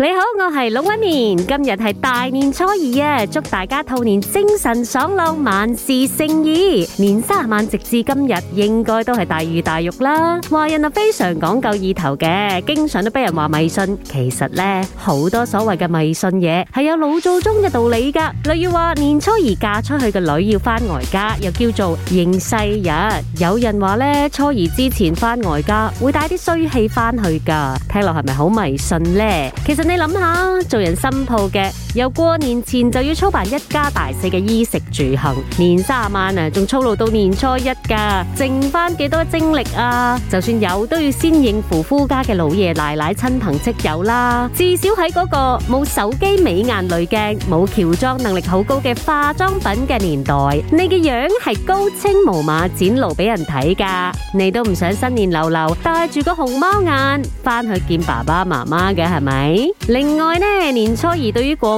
你好，我係龍紋敏，今日係大年初二啊，祝大家兔年精神爽朗，萬事勝意。年三十晚直至今日，應該都係大魚大肉啦。華人啊非常講究意頭嘅，經常都俾人話迷信。其實呢，好多所謂嘅迷信嘢，係有老祖宗嘅道理噶。例如話，年初二嫁出去嘅女要翻外家，又叫做迎婿日。有人話呢，初二之前翻外家會帶啲衰氣翻去噶。聽落係咪好迷信呢？其實。你諗下，做人新抱嘅。又過年前就要操辦一家大細嘅衣食住行，年卅晚啊，仲操勞到年初一噶，剩翻幾多精力啊？就算有，都要先應付夫家嘅老爺奶奶、親朋戚友啦。至少喺嗰個冇手機美顏濾鏡、冇喬裝能力好高嘅化妝品嘅年代，你嘅樣係高清無碼展露俾人睇噶，你都唔想新年流流戴住個熊貓眼翻去見爸爸媽媽嘅係咪？另外呢，年初二對於過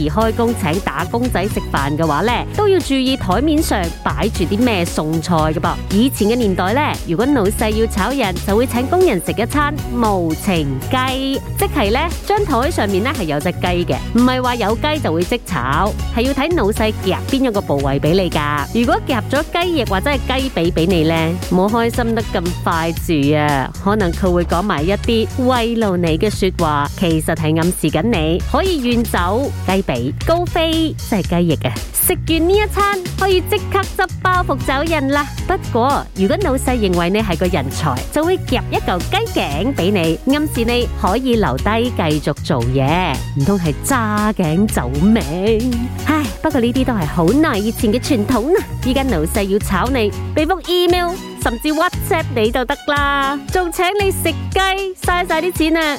而開工請打工仔食飯嘅話呢，都要注意台面上擺住啲咩餸菜嘅噃。以前嘅年代呢，如果老細要炒人，就會請工人食一餐無情雞，即係呢，張台上面呢係有隻雞嘅，唔係話有雞就會識炒，係要睇老細夾邊一個部位俾你噶。如果夾咗雞翼或者係雞髀俾你呢，唔好開心得咁快住啊！可能佢會講埋一啲慰勞你嘅說話，其實係暗示緊你可以遠走雞。高飛，即係雞翼啊！食完呢一餐可以即刻執包袱走人啦。不過如果老細認為你係個人才，就會夾一嚿雞頸俾你，暗示你可以留低繼續做嘢，唔通係揸頸走命？唉，不過呢啲都係好耐以前嘅傳統啦，啊。依家老細要炒你，畀封 email 甚至 WhatsApp 你就得啦，仲請你食雞，嘥晒啲錢啊！